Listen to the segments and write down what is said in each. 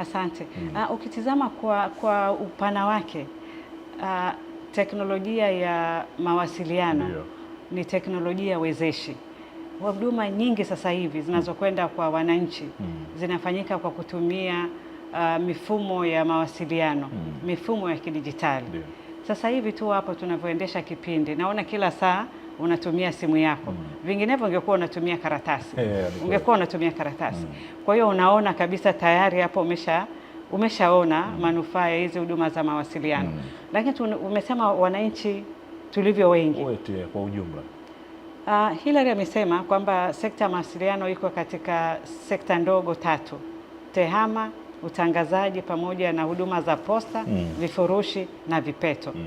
Asante. mm. Uh, ukitizama kwa, kwa upana wake uh, teknolojia ya mawasiliano Ndiyo. ni teknolojia wezeshi. Huduma nyingi sasa hivi zinazokwenda kwa wananchi mm. zinafanyika kwa kutumia uh, mifumo ya mawasiliano mm. mifumo ya kidijitali. Sasa hivi tu hapo tunavyoendesha kipindi, naona kila saa unatumia simu yako mm. Vinginevyo ungekuwa unatumia karatasi yeah, ungekuwa unatumia karatasi mm. Kwa hiyo unaona kabisa tayari hapo umesha umeshaona mm. manufaa ya hizi huduma za mawasiliano mm. Lakini umesema wananchi tulivyo wengi wote kwa ujumla uh, Hillary amesema kwamba sekta ya mawasiliano iko katika sekta ndogo tatu: tehama, utangazaji pamoja na huduma za posta mm. vifurushi na vipeto mm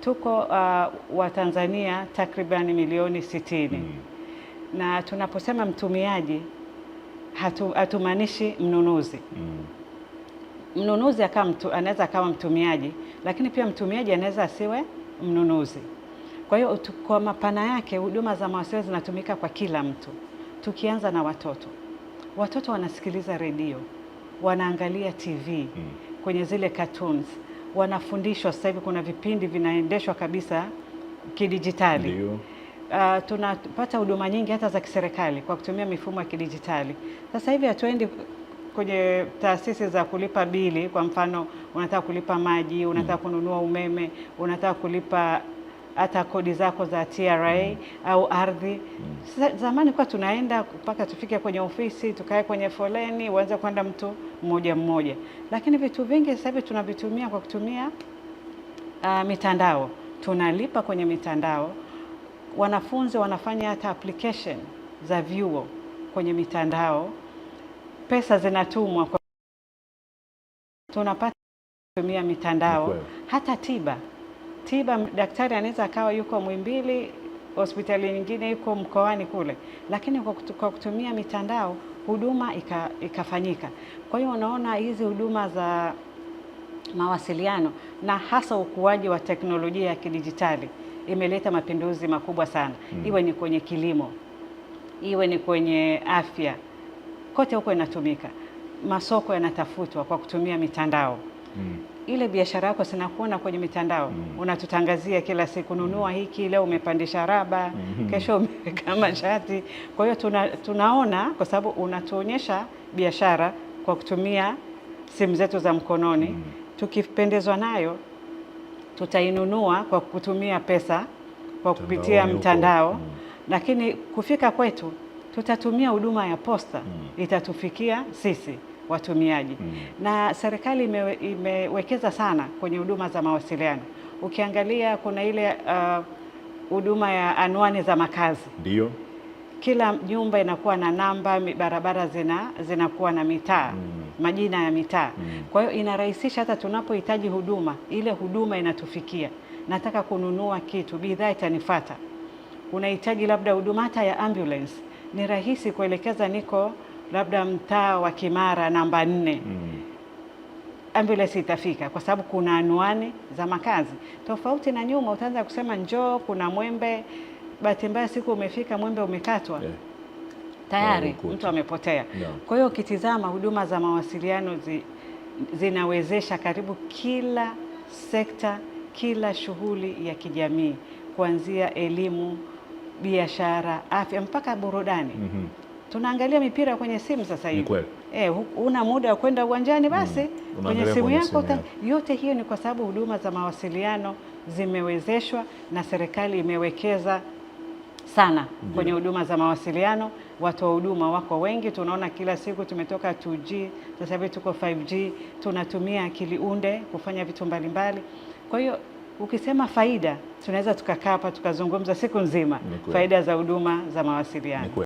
tuko uh, Watanzania takribani milioni sitini mm. na tunaposema mtumiaji hatu, hatumaanishi mnunuzi mm. Mnunuzi anaweza akawa mtumiaji, lakini pia mtumiaji anaweza asiwe mnunuzi. Kwa hiyo kwa mapana yake, huduma za mawasiliano zinatumika kwa kila mtu, tukianza na watoto. Watoto wanasikiliza redio, wanaangalia TV mm. kwenye zile cartoons wanafundishwa sasa hivi, kuna vipindi vinaendeshwa kabisa kidijitali. Uh, tunapata huduma nyingi hata za kiserikali kwa kutumia mifumo ya kidijitali. Sasa hivi hatuendi kwenye taasisi za kulipa bili. Kwa mfano, unataka kulipa maji, unataka mm. kununua umeme, unataka kulipa hata kodi zako za TRA mm. au ardhi mm. Zamani kwa tunaenda mpaka tufike kwenye ofisi tukae kwenye foleni, uanze kwenda mtu mmoja mmoja, lakini vitu vingi sasa hivi tunavitumia kwa kutumia uh, mitandao, tunalipa kwenye mitandao. Wanafunzi wanafanya hata application za vyuo kwenye mitandao, pesa zinatumwa kwa... tunapata kutumia mitandao okay. hata tiba tiba, daktari anaweza akawa yuko Mwimbili, hospitali nyingine yuko mkoani kule, lakini kwa kutumia mitandao huduma ika, ikafanyika. Kwa hiyo unaona hizi huduma za mawasiliano na hasa ukuaji wa teknolojia ya kidijitali imeleta mapinduzi makubwa sana mm. Iwe ni kwenye kilimo, iwe ni kwenye afya, kote huko inatumika. Masoko yanatafutwa kwa kutumia mitandao mm. ile biashara yako sinakuona kwenye mitandao mm. unatutangazia kila siku, nunua mm. hiki leo, umepandisha raba mm -hmm. kesho umeweka mashati. Kwa hiyo tuna, tunaona kwa sababu unatuonyesha biashara kwa kutumia simu zetu za mkononi mm. tukipendezwa nayo tutainunua kwa kutumia pesa kwa kupitia Tandao mtandao mm. lakini kufika kwetu tutatumia huduma ya posta mm. itatufikia sisi watumiaji mm. Na serikali ime, imewekeza sana kwenye huduma za mawasiliano. Ukiangalia kuna ile uh, huduma uh, ya anwani za makazi ndio kila nyumba inakuwa na namba, barabara zina zinakuwa na mitaa mm. majina ya mitaa mm. Kwa hiyo inarahisisha hata tunapohitaji huduma, ile huduma inatufikia. Nataka kununua kitu, bidhaa itanifuata. Unahitaji labda huduma hata ya ambulance, ni rahisi kuelekeza niko labda mtaa wa Kimara namba nne mm. ambulance itafika kwa sababu kuna anwani za makazi tofauti na nyuma. Utaanza kusema njoo, kuna mwembe, bahati mbaya siku umefika mwembe umekatwa, yeah. tayari no, mtu amepotea no. Kwa hiyo ukitizama huduma za mawasiliano zi, zinawezesha karibu kila sekta, kila shughuli ya kijamii kuanzia elimu, biashara, afya mpaka burudani mm -hmm tunaangalia mipira kwenye simu sasa hivi. Eh, una muda wa kwenda uwanjani mm. basi mm. kwenye simu yako ta... yote hiyo ni kwa sababu huduma za mawasiliano zimewezeshwa na serikali imewekeza sana Ndiyo. kwenye huduma za mawasiliano. Watu wa huduma wako wengi, tunaona kila siku tumetoka 2G, sasa hivi tuko 5G, tunatumia akili unde kufanya vitu mbalimbali. Kwa hiyo ukisema faida, tunaweza tukakaa hapa tukazungumza siku nzima, faida za huduma za mawasiliano